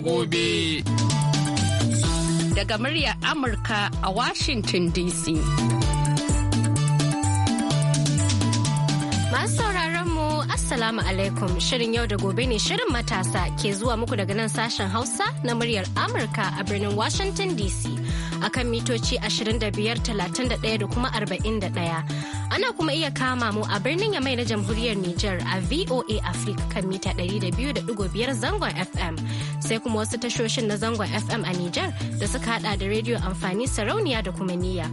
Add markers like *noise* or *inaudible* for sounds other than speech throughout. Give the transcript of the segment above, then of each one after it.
gobe. Daga muryar Amurka a Washington DC. Masu sauraron mu Assalamu alaikum shirin yau da gobe ne shirin matasa ke zuwa muku daga nan sashen Hausa na muryar Amurka a birnin Washington DC akan mitoci 25,31 da kuma 41. Ana kuma iya kama mu a birnin Yamai na jamhuriyar Nijar a VOA Africa kan mita 200.5 zangon FM sai kuma wasu tashoshin na zangon FM a Nijar da suka hada da rediyo amfani sarauniya da kuma niyya.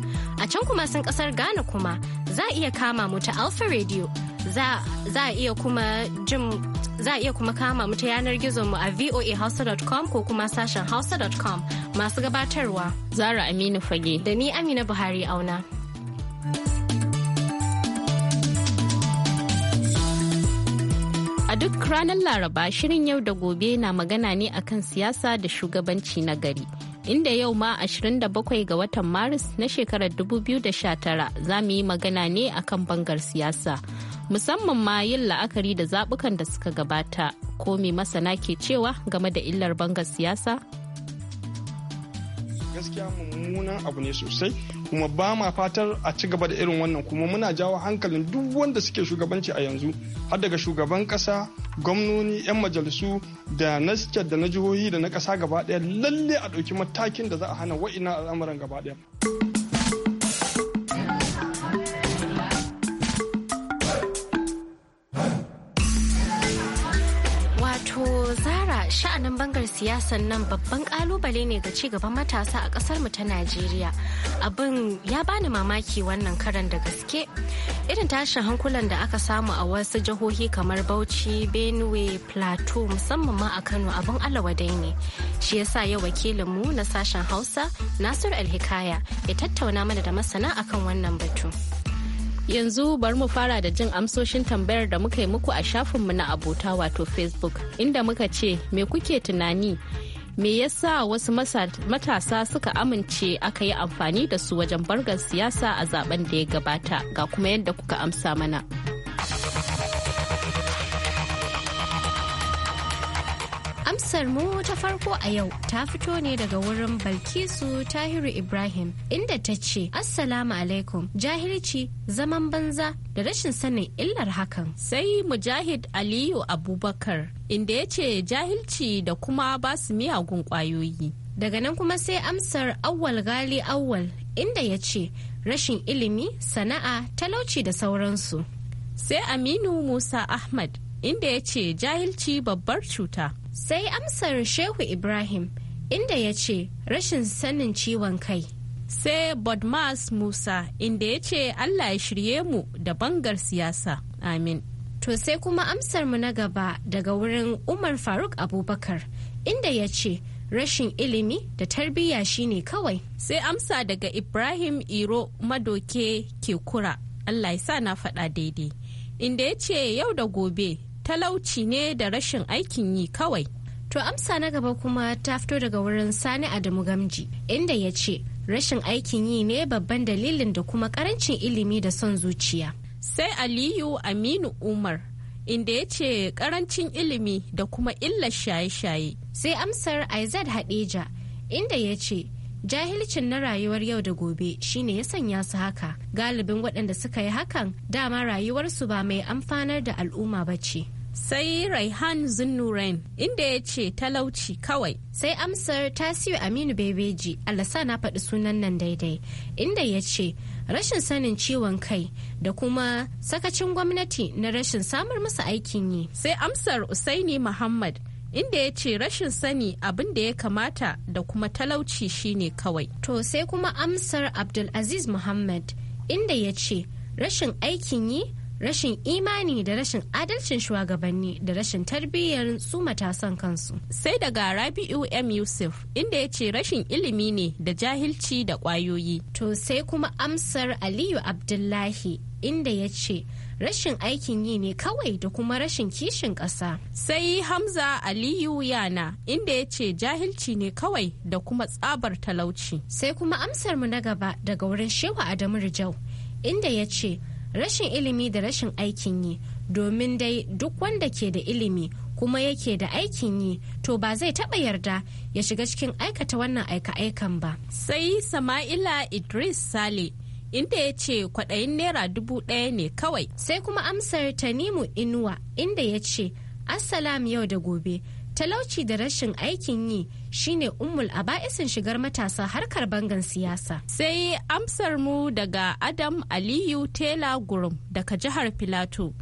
A can kuma sun kasar Ghana kuma za a iya kama mu ta Alpha Radio. Za a iya kuma jin za a iya kuma kama mu ta yanar gizon mu a voahausa.com ko kuma sashen hausa.com masu gabatarwa. Zara Aminu Fage. Da ni Amina Buhari auna. A duk ranar Laraba shirin yau da gobe na magana ne akan siyasa da shugabanci na gari. Inda yau ma 27 ga watan Maris na shekarar 2019 za mu yi magana ne akan bangar siyasa. Musamman ma yin la'akari da zabukan da suka gabata, ko me masana ke cewa game da illar bangar siyasa? gaskiya mummunan abu ne sosai kuma ba ma fatar a ci gaba da irin wannan kuma muna jawo hankalin duk wanda suke shugabanci a yanzu har daga shugaban kasa gwamnoni 'yan majalisu da na da na jihohi da na kasa gaba daya lalle a ɗauki matakin da za a hana wa'ina al'amuran gaba daya. To Zara sha'anin bangar siyasan nan babban kalubale ne ga ci gaban matasa a kasar mu ta Najeriya. Abin ya bani mamaki wannan karan da gaske. Irin tashin hankulan da aka samu a wasu jihohi kamar Bauchi, Benue, Plateau musamman ma a Kano abin alawadai ne. Shi yasa yau wakilin mu na sashen Hausa Nasir Alhikaya ya tattauna mana da masana akan wannan batu. Yanzu bari mu fara da jin amsoshin tambayar da muka yi muku a shafinmu na abota wato Facebook inda muka ce me kuke tunani me yasa wasu matasa suka amince aka yi amfani da su wajen bargar siyasa a zaben da ya gabata ga kuma yadda kuka amsa mana. Amsar mu ta farko a yau ta fito ne daga wurin Balkisu Tahiru Ibrahim inda ta ce Assalamu alaikum jahilci zaman banza da rashin sanin illar hakan. Sai Mujahid Aliyu Abubakar inda ya ce jahilci da kuma ba su miyagun kwayoyi. Daga nan kuma sai amsar awwal gali awwal inda ya ce rashin ilimi, sana'a, talauci da sauransu. Sai Aminu Musa Ahmad inda ya ce jahilci babbar cuta. Sai amsar Shehu Ibrahim inda ya ce rashin sanin ciwon kai. Sai Bodmas Musa inda ya ce Allah ya shirye mu da bangar siyasa. Amin. To sai kuma amsar mu na gaba daga wurin Umar Faruk Abubakar inda ya ce rashin ilimi da tarbiyya shine kawai. Sai amsa daga Ibrahim Iro Madoke ke kura. Allah ya sa na faɗa daidai. inda ya ce yau da gobe talauci ne da rashin aikin yi kawai. To amsa na gaba kuma ta fito daga wurin Sani Adamu Gamji inda ya ce rashin aikin yi ne babban dalilin da kuma karancin ilimi da son zuciya. Sai Aliyu Aminu Umar inda ya ce karancin ilimi da kuma illar shaye-shaye. Sai amsar Aizad Hadeja inda ya ce jahilcin na rayuwar yau da gobe shine ya sanya su haka galibin waɗanda suka yi hakan dama rayuwarsu ba mai amfanar da al'umma ba ce sai raihan zunnuren inda ya ce talauci kawai sai amsar tasiu aminu bebeji alasa na faɗi sunan nan daidai inda ya ce rashin sanin ciwon kai da kuma sakacin gwamnati na rashin samar musu aikin yi sai amsar usaini muhammad inda ya ce rashin sani abin da ya kamata da kuma talauci shine kawai. To sai kuma amsar Abdulaziz Muhammad inda ya ce rashin aikin yi rashin imani da rashin adalcin shugabanni da rashin tarbiyyar su matasan kansu. Sai daga Rabi'u M. Yusuf inda ya ce rashin ilimi ne da jahilci da kwayoyi. To sai kuma amsar Aliyu Abdullahi inda ya ce rashin aikin yi ne kawai da kuma rashin kishin ƙasa. Sai Hamza Aliyu Yana inda ya ce jahilci ne kawai da kuma tsabar talauci. Sai kuma amsar mu na gaba daga wurin Shehu Adamu Rijau inda ya ce rashin ilimi da rashin aikin yi domin dai duk wanda ke da ilimi kuma yake da aikin yi to ba zai taɓa yarda ya shiga cikin aikata wannan aika-aikan ba. Sai Sama'ila Idris Sale inda ya ce kwaɗayin naira dubu ɗaya ne kawai. Sai kuma amsar Tanimu Inuwa inda ya ce Assalam yau da gobe talauci da rashin aikin yi shine umul a ba'isin shigar matasa harkar bangan siyasa. Sai amsar mu daga Adam Aliyu Tela Gurum daga jihar Filato.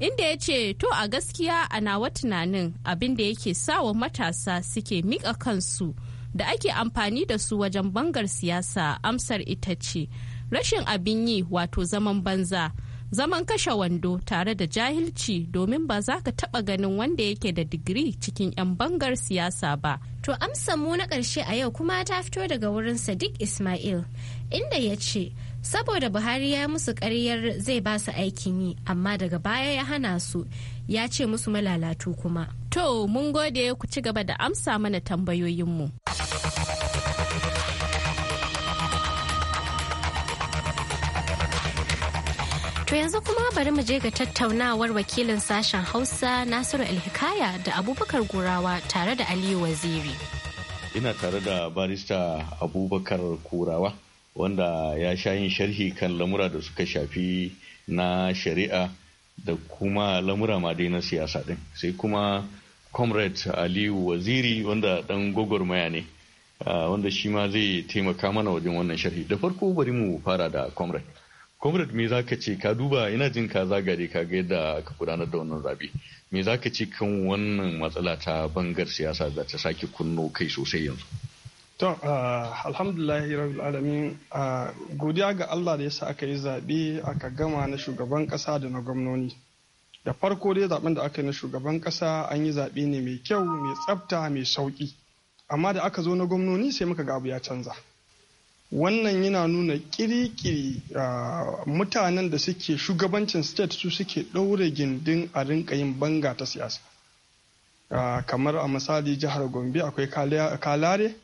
Inda ya ce to a gaskiya ana wa tunanin abin da yake sawa matasa suke mika kansu da ake amfani da su wajen bangar siyasa amsar ita ce rashin abin yi wato zaman banza. zaman kashe wando tare da jahilci domin ba za ka taɓa ganin wanda yake da digiri cikin 'yan bangar siyasa ba. To amsa mu na ƙarshe a yau kuma ta fito daga wurin Sadiq Ismail inda ya ce, saboda buhari ya musu karyar zai ba su aikin yi amma daga baya ya hana su ya ce musu malalatu kuma to mun gode ku ci gaba da amsa mana tambayoyinmu. To yanzu kuma bari mu je ga tattaunawar wakilin sashen Hausa Nasiru Alhikaya da Abubakar Gurawa tare da Aliyu Waziri. Ina tare da barista Abubakar Kurawa wanda ya sha yin sharhi kan lamura da suka shafi na shari'a da kuma lamura ma dai na siyasa din. Sai kuma Comrade Aliyu Waziri wanda dan gwagwarmaya ne. Ah, wanda shi ma zai taimaka mana wajen wannan sharhi da farko bari mu fara da comrade comrade me zaka ce ka duba ina jin ka zagare ka ga yadda aka gudanar da wannan zabe me ka ce kan wannan matsala ta bangar siyasa da ta sake kunno kai sosai yanzu to ah, alhamdulillahi rabbil alamin ah, godiya ga Allah da yasa aka yi zabe aka gama na shugaban kasa da na gwamnoni da farko dai zaben da aka yi na shugaban kasa an yi zabe ne mai kyau mai tsafta mai sauki amma da aka zo na gwamnoni sai muka ga abu ya canza wannan yana nuna kirikiri mutanen da suke shugabancin state su suke ɗaure gindin a rinka yin banga ta siyasa kamar a misali jihar gombe akwai kalare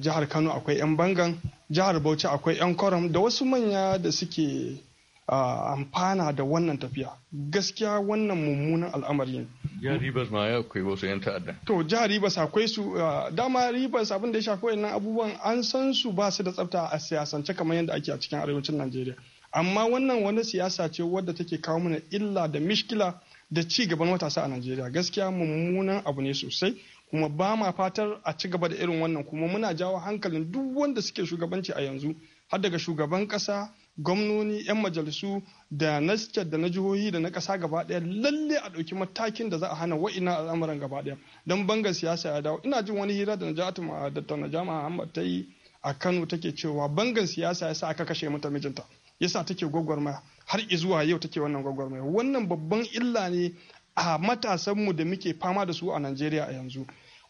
jihar kano akwai 'yan bangan jihar bauchi akwai 'yan koram da wasu manya da suke amfana da wannan tafiya gaskiya wannan mummunan al'amari ne jihar ribas ma ya akwai wasu yan ta'adda to jihar ribas akwai su ah, dama ribas abin da ya shafi wayannan abubuwan an san su ba su da tsafta a siyasance kamar yadda ake a cikin arewacin najeriya amma wannan wani siyasa ce wadda take kawo mana illa da mishkila da ci gaban matasa a najeriya gaskiya mummunan abu ne sosai kuma ba ma fatar a ci gaba da irin wannan kuma muna jawo hankalin duk wanda suke shugabanci a yanzu har daga shugaban kasa gwamnoni 'yan majalisu da na da na jihohi da na ƙasa gaba ɗaya lalle a ɗauki matakin da za a hana wa'ina al'amuran gaba ɗaya don bangar siyasa ya dawo ina jin wani hira da najatu da najama ahmad ta yi a kano take cewa bangar siyasa ya sa aka kashe mata mijinta yasa take gwagwarmaya har izuwa yau take wannan gwagwarmaya wannan babban illa ne a matasanmu da muke fama da su a najeriya a yanzu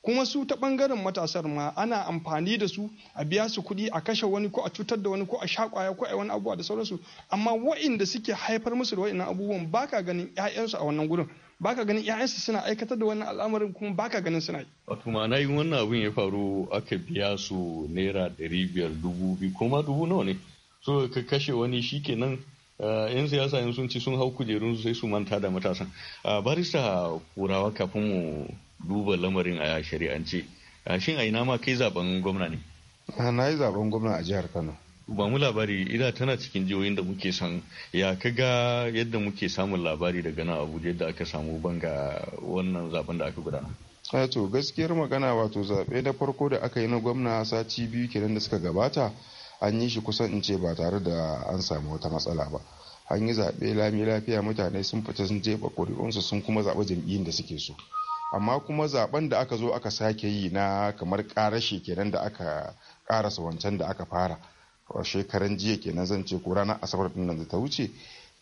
kuma su ta bangaren matasar ma ana amfani da su a biya su kuɗi a kashe wani ko a cutar da wani ko a kwaya ko a wani abubuwa da sauransu amma wa'inda suke haifar musu da wa'innan abubuwan baka ganin 'ya'yansu a wannan gurin baka ganin 'ya'yansu suna aikatar da wannan al'amarin kuma baka ganin suna yi. Wato ma'ana yin wannan abin ya faru aka biya su naira ɗari biyar dubu biyu kuma dubu nawa ne so ka kashe wani shikenan 'yan eh, siyasa yin sun ci sun hau kujerun sai su manta da matasan. Ah, barista kurawa kafin mu duba lamarin a shari'ance shin a ina ma kai zaben gwamna ne na yi zaben gwamna a jihar kano ba mu labari ina tana cikin jihohin da muke san ya ka ga yadda muke samun labari daga na abu yadda aka samu banga wannan zaben da aka gudana to gaskiyar magana wato zaɓe na farko da aka yi na gwamna sati biyu kenan da suka gabata an yi shi kusan in ce ba tare da an samu wata matsala ba an yi zaɓe lami lafiya mutane sun fita sun jefa ƙuri'unsu sun kuma zaɓi jam'iyyin da suke so amma kuma zaben da aka zo aka sake yi na kamar karashe kenan da aka karasa wancan da aka fara a shekaran jiya kenan zan ce ko ranar asabar din nan da ta wuce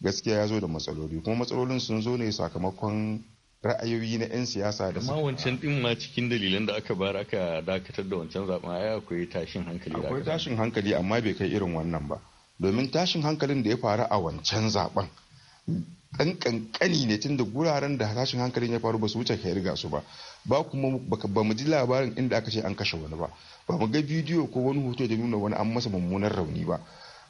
gaskiya ya zo da matsaloli kuma matsalolin sun zo ne sakamakon ra'ayoyi na 'yan siyasa da amma wancan din ma cikin dalilan da aka bar aka dakatar da wancan zaben ai akwai tashin hankali akwai tashin hankali amma bai kai irin wannan ba domin tashin hankalin da ya faru a wancan zaben dan kankani ne tunda guraren da tashin hankalin ya faru ba su wuce ka riga su ba ba kuma ba mu ji labarin inda aka ce an kashe wani ba ba mu ga bidiyo ko wani hoto da nuna wani an masa mummunan rauni ba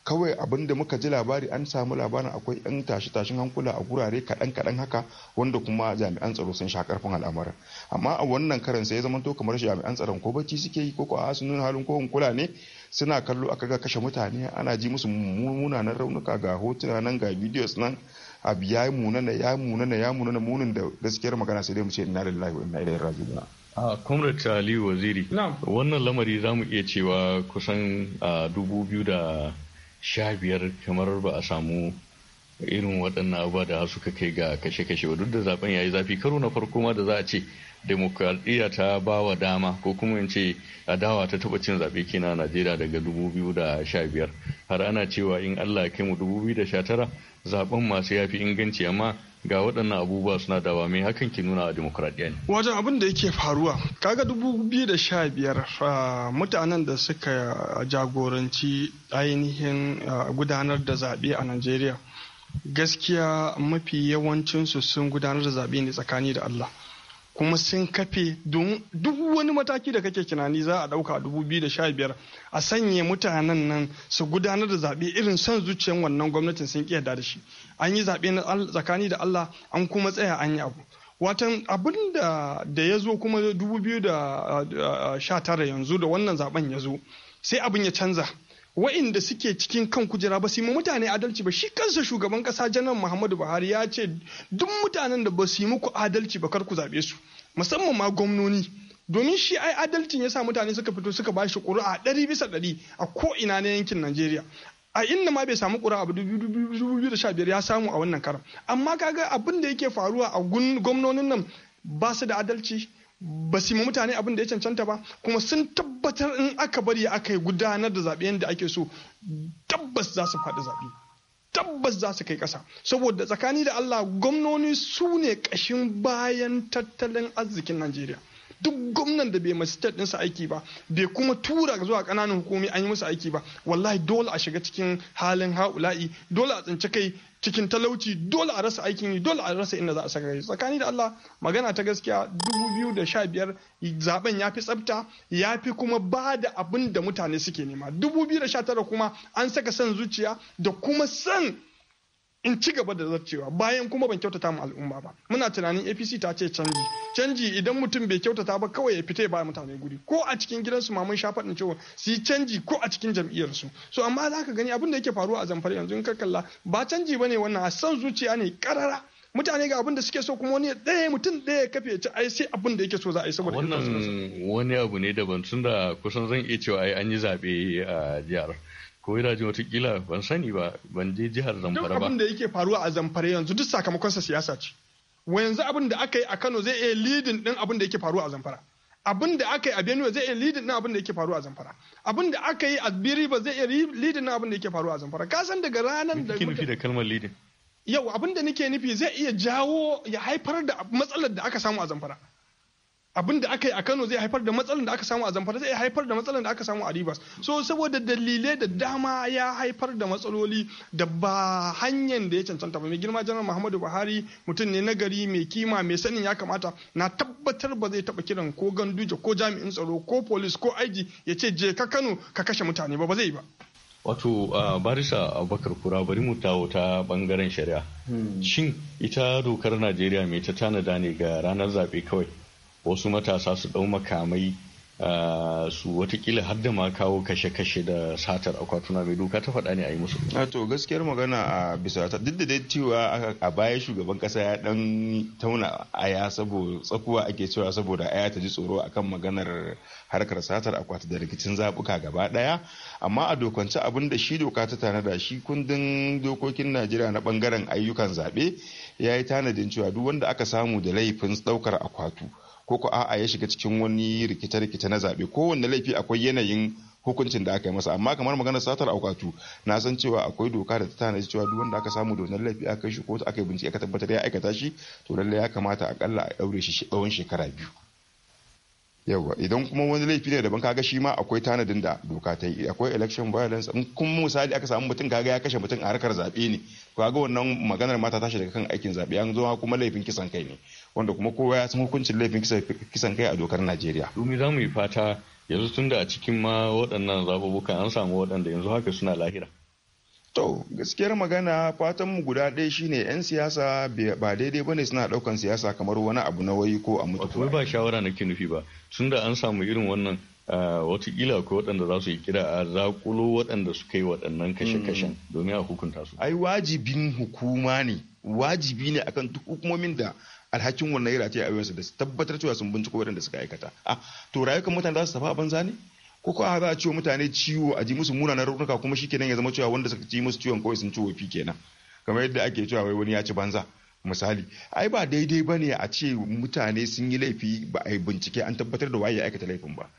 kawai abin da muka ji labari an samu labarin akwai yan tashi tashin hankula a gurare kaɗan kaɗan haka wanda kuma jami'an tsaro sun sha karfin al'amarin amma a wannan karan sai ya zama to kamar shi jami'an tsaron ko bacci suke yi ko ko a sun nuna halin ko kula ne suna kallo aka ga kashe mutane ana ji musu munanan raunuka ga hotuna nan ga videos nan abu ya munana ya munana ya munana munin da gaskiyar magana sai dai mu ce inna lillahi wa inna ilaihi raji'un a comrade Aliyu waziri wannan lamari za mu iya cewa kusan a dubu biyu da sha biyar kamar ba a samu irin waɗannan abubuwa da suka kai ga kashe-kashe duk da zaben yayi zafi karo na farko ma da za a ce demokradiyya ta ba wa dama ko kuma in ce adawa ta taɓa cin zaɓe kina najeriya daga 2015 har ana cewa in Allah ya kai mu 2019 zaben masu yafi inganci amma ga waɗannan abubuwa suna dawa mai hakan ke nuna a demokuraɗiyya ne. Wajen abin da yake faruwa, kaga 2015 mutanen da suka jagoranci ainihin gudanar da zaɓe a Najeriya gaskiya mafi yawancinsu sun gudanar da zaɓe ne tsakani da Allah. kuma sun kafe don duk wani mataki da kake tunani za a ɗauka a biyar a sanya mutanen nan su gudanar da zaɓe irin son zuciyar wannan gwamnatin sun kiyar da shi an yi zaɓe na tsakani da Allah an kuma tsaya an yi abu watan abin da da ya zo kuma 2019 yanzu da wannan zaben ya zo sai abin ya canza wa'inda suke cikin kan kujera ba su yi mutane adalci ba shi kansa shugaban kasa janar muhammadu buhari ya ce duk mutanen da ba su yi muku adalci ba kar ku zaɓe su musamman ma gwamnoni domin shi ai adalcin ya sa mutane suka fito suka ba shi ƙuri'a ɗari bisa ɗari a ko ina na yankin najeriya a inda ma bai samu ƙuri'a ba dubu da sha biyar ya samu a wannan karan amma kaga abin da yake faruwa a gwamnonin nan ba su da adalci ba su mutane abin da ya cancanta ba kuma sun tabbatar in aka bari aka yi gudanar da zaɓe yadda ake so tabbas za su faɗi zaɓe tabbas za su kai ƙasa saboda tsakani da Allah gwamnoni su ne ƙashin bayan tattalin arzikin Najeriya. duk gwamnan da bai ma state ɗinsa aiki ba bai kuma tura zuwa ƙananan hukumi an yi musu aiki ba wallahi dole a shiga cikin halin ha'ula'i dole a tsinci kai cikin talauci dole a rasa aikin yi dole a rasa inda za a saka tsakani da Allah magana ta gaskiya 2015 zaben ya fi tsafta ya fi kuma ba da abin da mutane suke nema 2019 kuma an saka son zuciya da kuma san in ci gaba da zarcewa bayan kuma ban kyautata mu al'umma ba muna tunanin apc ta ce canji canji idan mutum bai kyautata ba kawai ya fita ya ba mutane guri ko a cikin gidansu ma mun sha faɗin cewa su yi canji ko a cikin jam'iyyarsu so amma za ka gani abin da yake faruwa a zamfara yanzu in ka kalla ba canji ba ne wannan a san zuciya ne karara mutane ga abin da suke so kuma wani ɗaya mutum ɗaya ya kafe ci ai sai abin da yake so za a yi saboda wannan wani abu ne daban tunda kusan zan iya cewa ai an yi zaɓe a jihar ko ina wata watakila ban sani ba ban je jihar zamfara ba duk abin da yake faruwa a zamfara yanzu duk sakamakon sa siyasa ce wa yanzu abin da aka yi a Kano zai iya leading din abin da yake faruwa a zamfara abin da aka yi a Benue zai iya leading din abin da yake faruwa a zamfara abin da aka yi a Biriba zai iya leading din abin da yake faruwa a zamfara ka san daga ranar da kike nufi da kalmar leading yau abin da nake nufi zai iya jawo ya haifar da matsalar da aka samu a zamfara abin da aka yi a Kano zai haifar da matsalar da aka samu a Zamfara zai haifar da matsalar da aka samu a Ribas so saboda dalilai da dama ya haifar da matsaloli da ba hanyar da ya cancanta ba mai girma janar Muhammadu Buhari mutum ne nagari mai kima mai sanin ya kamata na tabbatar ba zai taba kiran ko ganduja ko jami'in tsaro ko polis ko aiji ya ce je ka Kano ka kashe mutane ba ba zai ba wato barisa abubakar kura bari mu tawo ta bangaren shari'a hmm. shin ita dokar najeriya mai ta tanada ne ga ranar zaɓe kawai wasu matasa su ɗau makamai su watakila har da ma kawo kashe-kashe da satar akwatuna mai doka ta faɗa ne a yi musu. to gaskiyar magana a bisa ta duk da dai cewa a baya shugaban kasa ya dan tauna aya saboda tsakuwa ake cewa saboda aya ta ji tsoro akan maganar harkar satar akwati da rikicin zabuka gaba daya amma a dokance abin da shi doka ta tanada shi kundin dokokin najeriya na bangaren ayyukan zaɓe ya yi tanadin cewa duk wanda aka samu da laifin ɗaukar akwatu. ko ko a'a ya shiga cikin wani rikice-rikice na zaɓe kowanne laifi akwai yanayin hukuncin da aka yi masa amma kamar maganar satar aukatu na san cewa akwai doka da ta tana cewa duk wanda aka samu da wannan laifi aka shi ko aka yi bincike aka tabbatar ya aikata shi to lallai ya kamata akalla a daure shi tsawon shekara biyu yawa idan kuma wani laifi ne daban kaga shi ma akwai tanadin da doka ta yi akwai election violence in kun misali aka samu mutum kaga ya kashe mutum a harkar zaɓe ne kaga wannan maganar mata tashi daga kan aikin zaɓe an zo kuma laifin kisan kai ne wanda kuma kowa ya san hukuncin laifin kisan kai a dokar najeriya Dumi za mu yi fata yanzu tun da a cikin ma waɗannan zababuka an samu waɗanda yanzu haka suna lahira to gaskiyar magana fatan mu guda ɗaya shine yan siyasa ba daidai bane suna ɗaukan siyasa kamar wani abu na wayi ko a mutu ba shawara na nufi ba tun da an samu irin wannan ah, watakila ko waɗanda za su yi kira a zakulo waɗanda suka yi waɗannan kashe-kashen mm. domin a hukunta su. Ai wajibin hukuma ne, wajibi ne akan duk hukumomin da alhakin wannan ya rataye a wuyansu da tabbatar cewa sun binciko waɗanda suka aikata a to rayukan mutane za su tafi a banza ne ko ko za a ciwo mutane ciwo a ji musu munanan raunuka kuma shikenan ya zama cewa wanda suka ci musu ciwon kawai sun ciwo fi kenan kamar yadda ake cewa wai wani ya ci banza misali ai ba daidai ba ne a ce mutane sun yi laifi ba a yi bincike an tabbatar da waye ya aikata laifin ba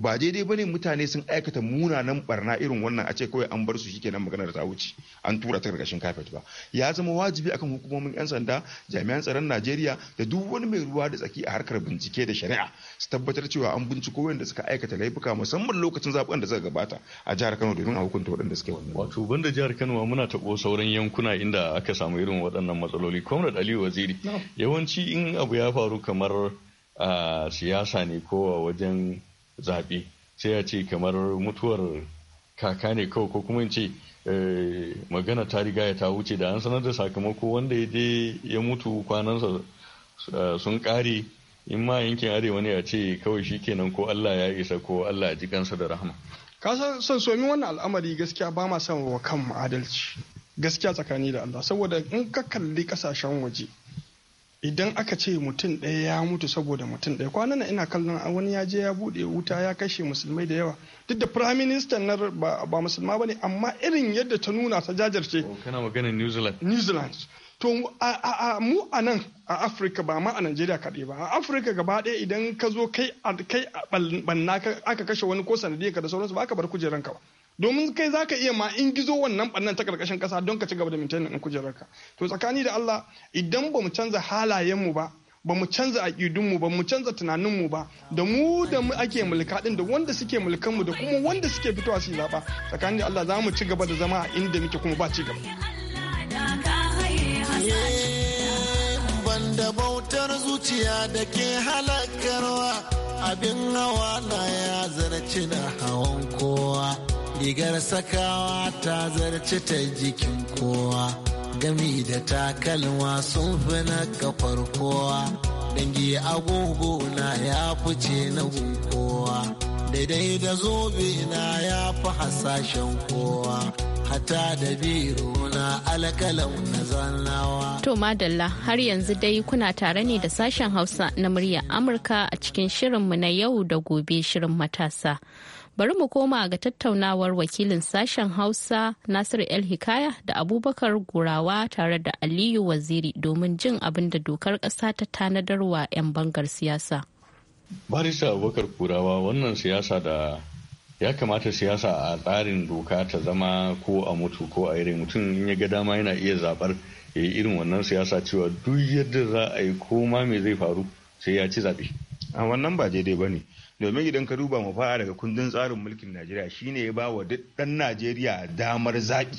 ba daidai bane mutane sun aikata munanan barna irin wannan a ce kawai an bar su shi kenan maganar ta wuce an tura ta karkashin kafet ba ya zama wajibi akan hukumomin yan sanda jami'an tsaron Najeriya da duk wani mai ruwa da tsaki a harkar bincike da shari'a su tabbatar cewa an binciko wanda suka aikata laifuka musamman lokacin zaben da suka gabata a jihar Kano domin a hukunta waɗanda suke wannan wato banda jihar Kano muna taɓo sauran yankuna inda aka samu irin waɗannan matsaloli Comrade Ali Waziri yawanci in abu ya faru kamar a ah, siyasa ne kowa wajen zaɓe sai ya ce kamar mutuwar kaka ne kawai ko kuma ce eh, magana ta riga ya ta wuce da an sanar da sakamako wanda ya dai ya mutu kwanansa eh, sun ƙare in ma yankin arewa ne a ce kawai shi kenan ko Allah ya isa ko Allah ya ji kansa da rahama. Ka san somi wannan al'amari gaskiya ba ma son wa kan adalci gaskiya tsakani da Allah saboda in ka kalli kasashen waje idan aka ce mutum ɗaya ya mutu saboda mutum ɗaya kwanan na ina kallon wani ya je ya buɗe wuta ya kashe musulmai da yawa duk da prime minister na ba musulma ba ne amma irin yadda ta nuna ta jajirce oh, kana magana new zealand new zealand to mu a nan a afirka ba ma a najeriya kaɗai ba a afirka gaba ɗaya idan ka zo kai a banna aka kashe wani ko sanadiyar ka da sauransu ba ka bar kujeranka ba domin kai za ka iya ma in gizo wannan bannan ta karkashin kasa don ka ci gaba da in kujerar ka. to tsakani da Allah idan bamu canza halayenmu ba ba mu canza aƙidunmu ba mu canza tunaninmu ba da mu da mu ake mulka ɗin da wanda suke mulkanmu da kuma wanda suke fitowa su zaɓa tsakani da Allah za mu ci gaba da zama a inda muke kuma ba ci gaba. Eh, Banda bautar zuciya da ke halakarwa abin hawa na ya zarci hawan kowa. rigar sakawa ta zarce ta jikin kowa gami da takalma sun fi na kafar kowa dangi agogo na ya fice na kowa daidai da zobe na ya fi hasashen kowa hata da biro na alkalau na zannawa. To madalla har yanzu dai kuna tare ne da sashen hausa na murya Amurka a cikin shirin mu na yau da gobe shirin matasa. bari mu koma ga tattaunawar wakilin sashen hausa nasiru el hikaya da abubakar gurawa tare da aliyu waziri domin jin abin da dokar ƙasa ta tanadarwa 'yan bangar siyasa barisa abubakar gurawa wannan siyasa da ya kamata siyasa a tsarin doka ta zama ko a mutu ko a irin mutum in ya ga dama yana iya zabar ya yi irin wannan siyasa cewa duk yadda za a yi koma me zai faru sai ya ci zaɓe a wannan ba daidai ba ne domin idan ka duba mu daga kundin tsarin mulkin najeriya shine ya ba wa duk ɗan najeriya damar zaɓi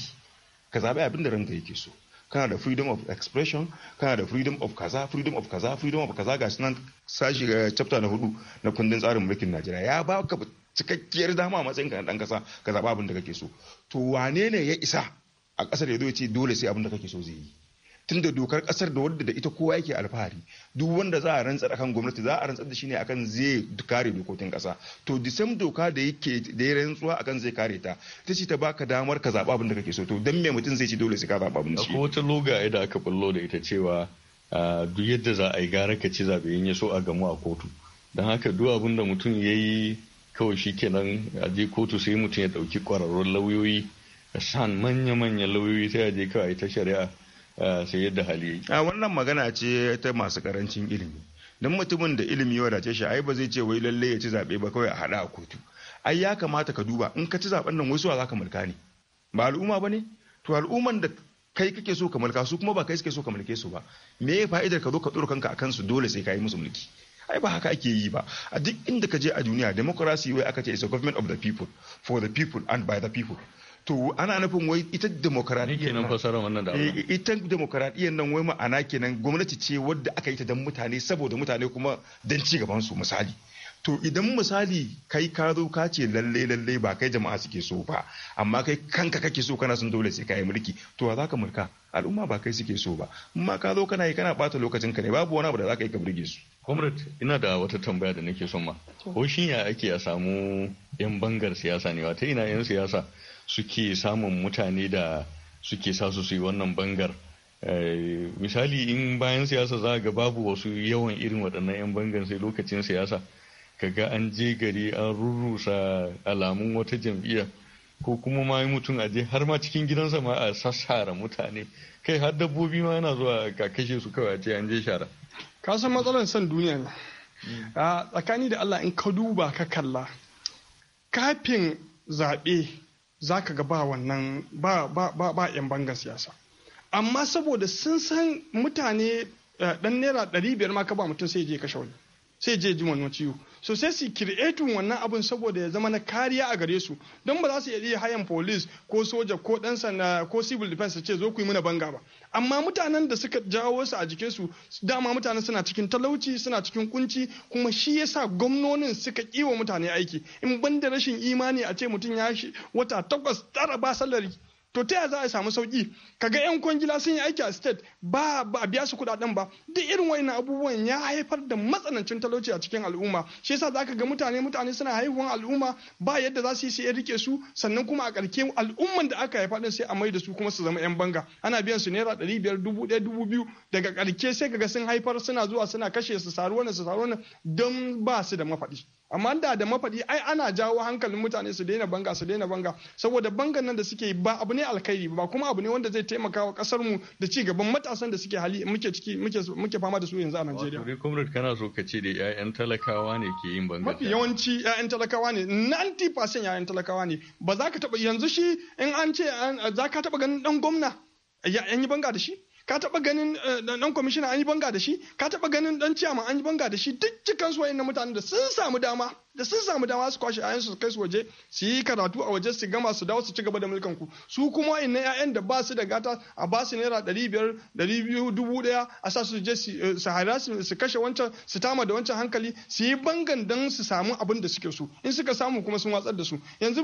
ka zaɓi abin da ranka yake so kana da freedom of expression kana da freedom of kaza freedom of kaza freedom of kaza ga sunan sashi ga eh, chapter na hudu na kundin tsarin mulkin najeriya ya ba ka cikakkiyar dama a matsayin ka na ɗan ƙasa ka zaɓi abin da kake so to wane ne ya isa a ƙasar ya zo ya ce dole sai abin da kake so zai yi tunda dokar kasar da wadda da ita kowa yake alfahari duk wanda za a rantsar akan gwamnati za a rantsar da shi ne akan zai kare dokokin kasa to disam doka da yake da ya rantsuwa akan zai kare ta ita ce ta baka damar ka zaba abin da kake so to dan me mutum zai ci dole sai ka zaba abin da shi akwai wata loga da aka bullo da ita cewa ah, duk yadda za a yi gara ka ci zaɓe in ya so a gamu a kotu don haka duk abin da mutum ya yi kawai shi kenan a je kotu sai mutum ya ɗauki kwararrun lauyoyi san manya-manyan lauyoyi sai a je kawai ta shari'a Eh, sai yadda hali a wannan magana ce ta masu karancin ilimi don mutumin da ilimi ya wadace shi ai ba zai ce wai lalle ya ci zaɓe ba kawai a haɗa a kotu ai ya kamata ka duba in ka ci zaɓen nan wasu za ka mulka ne ba al'umma ba ne to al'umman da kai kake so ka mulka su kuma ba kai suke so ka mulke su ba me ya fa'idar ka zo ka tsoro kanka akan su dole sai ka yi musu mulki ai ba haka ake yi ba a duk inda ka je a duniya democracy wai aka ce is a government of the people for the people and by the people to ana nufin wai ita demokaradiyyar nan fasara wannan da eh, ita demokaradiyyar nan wai ma'ana kenan gwamnati ce wadda aka yi ta dan mutane saboda mutane kuma dan ci gaban su misali to idan misali kai ka zo ka ce lalle lalle ba kai jama'a suke so ba amma kai kanka kake so kana son dole sai kai mulki to za ka mulka al'umma ba kai suke so ba amma ka zo kana yi kana bata lokacin ka ne babu wani abu da za ka yi ka burge su comrade ina da wata tambaya da nake son ma ko shin ya ake a samu yan bangar siyasa ne ta ina yan siyasa suke samun mutane da suke sa su yi wannan bangar eh, misali in bayan siyasa za ga babu wasu yawan irin waɗannan 'yan bangar sai lokacin siyasa kaga an je gari an rurrusa alamun wata jam'iyya ko kuma ma mutum aje har ma cikin gidansa ma a sassara mutane kai har dabbobi ma yana zuwa ka kashe su kawai ce an je shara ka san matsalar son duniya ne hmm. a ah, tsakani da Allah in ka duba ka kalla kafin zaɓe za ka ga ba wannan ba ba 'yan bangan siyasa amma saboda sun san mutane dan eh, naira ɗari biyar ma ka ba mutum sai je kashe wani sai je ji wannan ciwo so sai su kiretin wannan abin saboda ya zama na kariya a gare su don ba za su iya hayan police ko soja ko dan sanda ko civil defense ce zo ku yi mana banga ba amma mutanen da suka jawo su a jikin su dama mutane suna cikin talauci suna cikin kunci kuma shi yasa gwamnonin suka kiwa mutane aiki in banda rashin imani a ce mutum ya shi wata takwas tara ba salari to ta yaya za a samu sauki kaga yan kwangila sun yi aiki a state ba ba a biya su kudaden ba duk irin wayannan abubuwan ya haifar da matsanancin talauci a cikin al'umma shi yasa zaka ga mutane mutane suna haihuwan al'umma ba yadda za su yi sai rike su sannan kuma a karke al'umman da aka haifa din sai a mai da su kuma su zama yan banga ana biyan su naira ɗari biyar dubu ɗaya dubu biyu daga karke sai kaga sun haifar suna zuwa suna kashe su saruwa wannan su saruwa don ba su da mafaɗi. amma da da mafaɗi ai ana jawo hankalin mutane su daina banga su daina banga saboda bangan nan da suke ba abu ne alkhairi ba kuma abu ne wanda zai taimaka wa kasar mu da ci gaban matasan da suke hali muke ciki muke muke fama da su yanzu a Najeriya. Wato comrade kana so ka ce da ƴaƴan talakawa ne ke yin banga. Mafi yawanci ƴaƴan talakawa ne 90% ƴaƴan talakawa ne ba za ka taba yanzu shi in an ce za ka taba ganin dan gwamna ya yi banga da shi. ka taba ganin dan eh, kwamishina an yi banga da shi ka taba ganin dan ciyama an yi banga da shi duk cikan su mutanen da sun samu dama da sun samu dama su kwashe ayansu su kai su waje su yi karatu a waje su gama su dawo su ci gaba da mulkan ku su kuma inna ƴaƴan da ba su da gata a ba su naira ɗari biyar ɗari biyu dubu ɗaya a sa su je su eh, hara su kashe wancan su tama da wancan hankali su yi bangan dan su samu abin da suke so in suka samu kuma sun watsar da su yanzu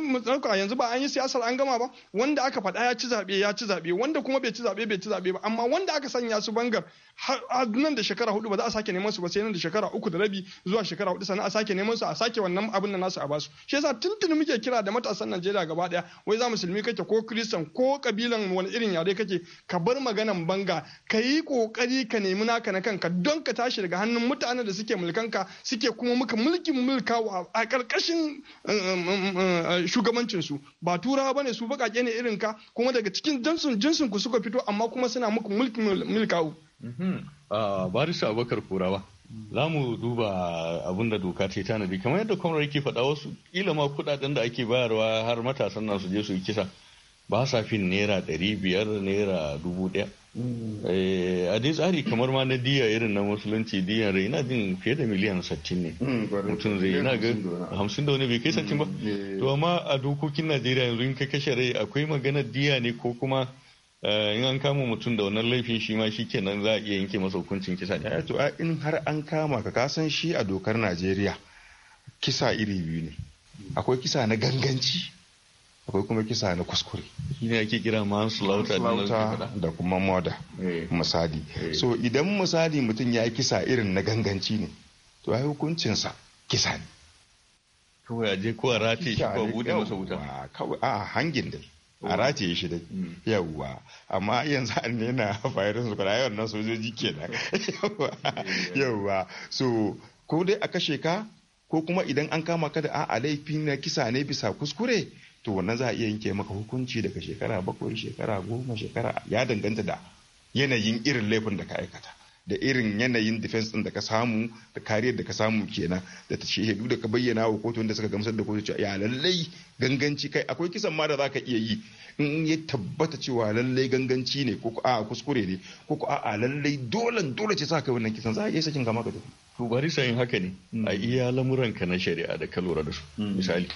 a yanzu ba an yi siyasar an gama ba wanda aka faɗa ya ci zaɓe ya ci zaɓe wanda kuma bai ci zaɓe bai ci zaɓe ba amma wanda aka sanya su bangar har nan da shekara hudu ba za a sake neman su ba sai nan da shekara uku da rabi zuwa shekara hudu sannan a sake neman su a sake kake wannan abin da nasu a basu shi yasa tuntuni muke kira da matasan Najeriya gaba daya wai za musulmi kake ko kristan ko kabilan wani irin yare kake ka bar maganan banga ka yi kokari ka nemi naka na kanka don ka tashi daga hannun mutanen da suke mulkanka suke kuma muka mulkin mulka a karkashin um, um, um, shugabancin su ba turawa bane su bakake ne irin ka kuma daga cikin jinsin jinsin ku suka fito amma kuma suna muku mulkin mulkawo mm-hmm. ah, barisa Abubakar kurawa za mu duba abin da doka ce tanadi kamar yadda kwamar yake faɗa wasu kila ma kuɗaɗen da ake bayarwa har matasan nan su je su kisa ba sa fin naira ɗari biyar naira dubu ɗaya eh, a dai tsari kamar ma na diya irin na musulunci diyan rai ina jin fiye da miliyan sattin ne hmm, mutum zai ina ga hamsin da wani bai kai sattin ba hmm, eh. to amma a dokokin najeriya yanzu in ka kashe rai akwai maganar diya ne ko kuma Eh, in an kama mutum da wannan laifin shi ma shi kenan za a iya yanke masa hukuncin kisa ne eh, to in har an kama ka kasan shi a dokar najeriya kisa iri biyu ne akwai kisa na ganganci akwai kuma kisa na kuskure shi ne ake kira manslaughter da kuma murder eh. misali so idan misali mutum ya kisa irin na ganganci ne to ai hukuncinsa kisa ne kawai a je ko a rataye shi ko a bude masa wuta kawai a hangin dai a rataye shi dai yawwa amma yanzu an nena fayarin *laughs* su kwada yawan nan sojoji kenan yawwa so ko dai a kashe ka ko kuma idan an kama ka da a laifi na kisa ne bisa kuskure to wannan za a iya yanke maka hukunci daga shekara bakwai shekara goma shekara ya danganta da yanayin irin laifin da ka aikata da irin yanayin defense din da ka samu da kariyar da ka samu kenan da ta shehedu da ka bayyana wa kotu wanda suka gamsar da kotu cewa ya lallai ganganci kai akwai kisan ma da za ka iya yi in ya tabbata cewa lallai ganganci ne ko a kuskure ne ko a lallai dole dole ce za ka wannan kisan za a iya sakin kama ka tafi to bari sayin haka ne a hmm. iya lamuran ka na shari'a da ka lura da su hmm. misali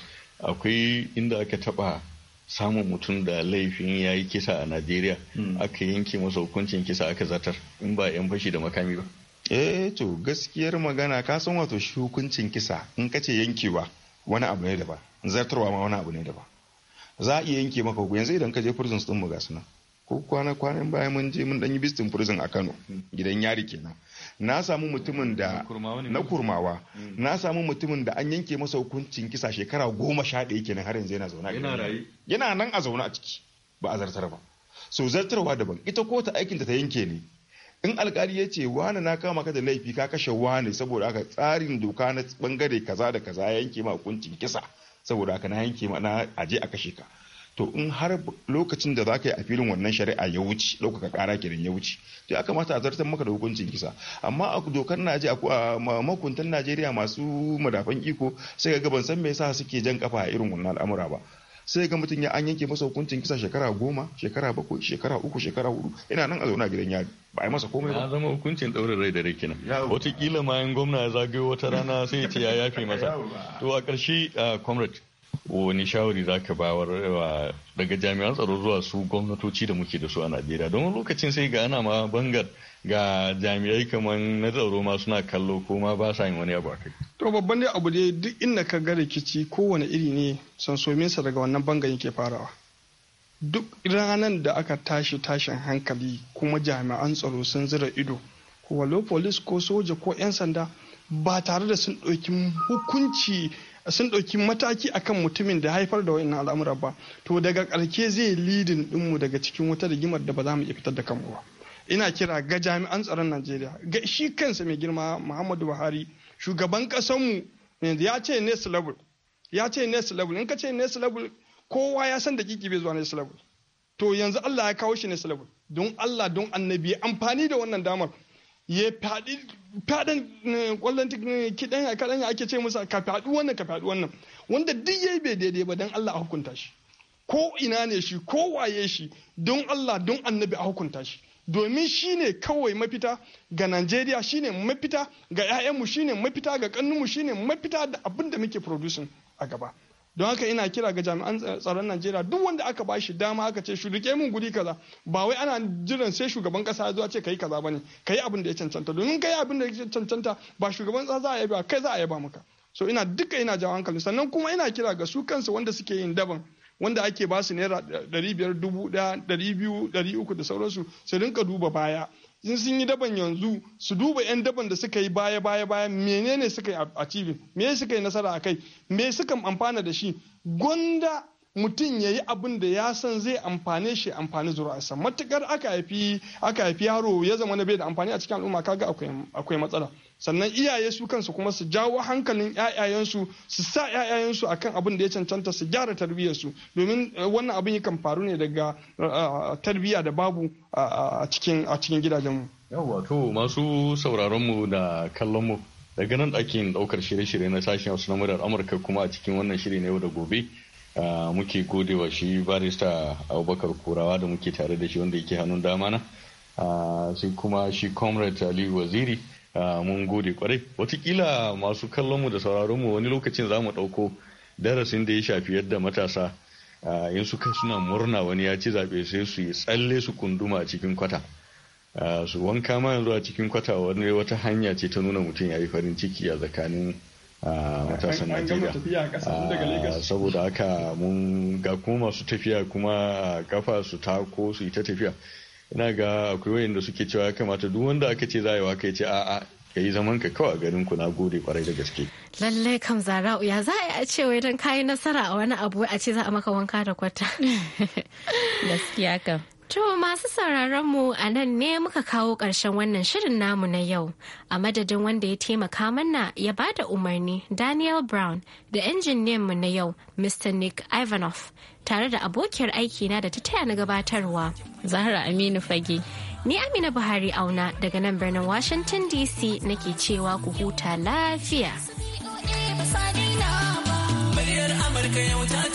akwai inda aka taba samun mutum da laifin ya yi kisa a najeriya hmm. aka yanke masa hukuncin kisa aka zatar in ba 'yan fashi da makami ba eh to gaskiyar magana ka san wato shi hukuncin kisa in ka ce yankewa wani abu ne daban zartarwa ma wani abu ne daban za a iya yanke maka hukunci yanzu idan ka je prisons din mu ga suna ko kwana kwanan bayan mun je mun dan yi bistin prison a Kano hmm. gidan yari kenan na samu mutumin da na kurmawa mm. na samu mutumin da an yanke masa hukuncin kisa shekara goma sha ɗaya kenan har yanzu yana zaune yana nan a zaune a ciki ba a zartar ba so zartarwa daban ita ko ta aikin ta yanke ne in alkali ya ce wani na kama ka da laifi ka kashe wani saboda haka tsarin doka na bangare kaza da kaza ya yanke ma hukuncin kisa saboda haka na yanke ma na aje a kashe ka to in har lokacin da za ka yi a filin wannan shari'a ya wuce ɗaukaka ƙara kenan ya wuce to ya kamata a zartar maka da hukuncin kisa amma a dokar najeriya a makuntan najeriya masu madafan iko sai ga ban san me yasa suke jan kafa a irin wannan al'amura ba sai ga mutum ya an yanke masa hukuncin kisa shekara goma shekara bakwai shekara uku shekara hudu Ina nan a zauna gidan yari ba a yi masa komai ba. Ya zama hukuncin ɗaurin rai da rai kenan. Wataƙila ma gwamna ya zagayo wata rana sai ya ce ya yafe masa. To a ƙarshe ah, comrade wani shawari za ka bawar daga jami'an tsaro zuwa su gwamnatoci da muke da su a najeriya don lokacin sai ga ana ma bangar ga jami'ai kamar na tsaro ma suna kallo ko ma ba sa yin wani abu akai to babban dai abu dai duk inda ka ga rikici kowane iri ne sansominsa daga wannan bangar yake farawa duk ranar da aka tashi tashin hankali kuma jami'an tsaro sun zira ido ko walo police ko soja ko 'yan sanda ba tare da sun ɗauki hukunci sun ɗauki mataki akan mutumin da haifar da wa'annan al'amura ba to daga ƙarke zai lidin dinmu daga cikin wata rigimar da ba za mu iya fitar da kanmu ba ina kira ga jami'an tsaron najeriya ga shi kansa mai girma muhammadu buhari shugaban ƙasanmu yanzu ya ce next level ya ce next level in ka ce next level kowa ya san da kiki bai zuwa next level to yanzu allah ya kawo shi ne level don allah don annabi amfani da wannan damar ya faɗi faɗin eh, ƙwallon eh, kiɗan a kaɗan ake ce musa ka faɗi wannan ka faɗi wannan wanda duk yayi bai daidai ba don Allah a hukunta shi ko ina ne shi ko waye shi don Allah don annabi a hukunta shi domin shi ne kawai mafita ga Najeriya shi ne mafita ga 'ya'yanmu shi ne mafita ga ƙannunmu shi ne mafita da abin da muke producing a gaba. don haka ina kira ga jami'an tsaron najeriya duk wanda aka ba shi dama aka ce shuduke mun guri kaza ba wai ana jiran sai shugaban kasa zuwa ce kai kaza bane kai abin da ya cancanta domin kai abin da ya cancanta ba shugaban kasa za a yaba kai za a yaba maka so ina duka ina jawo hankali sannan kuma ina kira ga su kansu wanda suke yin daban wanda ake ba su naira ɗari da sauransu su rinka duba baya Sin sun yi daban yanzu su duba 'yan daban da suka yi baya baya baya menene suka yi achieving me suka yi nasara a kai me suka amfana da shi gwanda mutum ya yi abin da ya san zai amfane shi amfani zuwa, matukar aka haifi aka haifi yaro ya zama na bai da amfani a cikin al'umma kaga akwai matsala sannan iyaye su kansu kuma su jawo hankalin 'ya'yayensu su sa yayayansu akan abin da ya cancanta su gyara tarbiyyarsu domin eh, wannan abin yakan faru ne daga eh, tarbiyya da babu a cikin a cikin gidajenmu yawwa to masu sauraronmu da kallon mu daga nan ɗakin ɗaukar shirye-shirye na sashen wasu na murar amurka kuma a cikin wannan shiri na yau da gobe eh, muke gode wa shi barista abubakar kurawa da muke tare da shi wanda yake hannun dama na sai kuma shi comrade ali waziri Ah, mun gode kwarai watakila masu kallonmu da sauraronmu wani lokacin za mu ɗauko darasin da ya shafi yadda matasa ah, in suka suna murna wani ya ci zaɓe sai su yi tsalle su kunduma a cikin kwata ah, su wanka ma yanzu a cikin kwata wani wata hanya ce ta nuna mutum ya yi farin ciki a tsakanin matasan Najeriya saboda haka mun ga kuma masu tafiya kuma kafa su tako su yi ta tafiya ina ga akwai wayanda suke cewa ya kamata duk wanda aka ce za a yi waka ya ce a'a ka yi zaman ka kawai a garin ku na gode kwarai da gaske. Lallai kam zara'u ya za a ce wai don kayi nasara a wani abu a ce za a maka wanka da kwata. *laughs* Gaskiya kam. To masu sauraron mu a nan ne muka kawo ƙarshen wannan shirin namu na yau. A madadin wanda ya taimaka mana ya ba da umarni Daniel Brown da mu na yau Mr. Nick Ivanov tare da abokiyar aikina da ta taya na gabatarwa. Zahra Aminu Fage. Ni Amina Buhari auna daga nan birnin Washington DC nake cewa ku huta lafiya. Muryar Amurka yau ta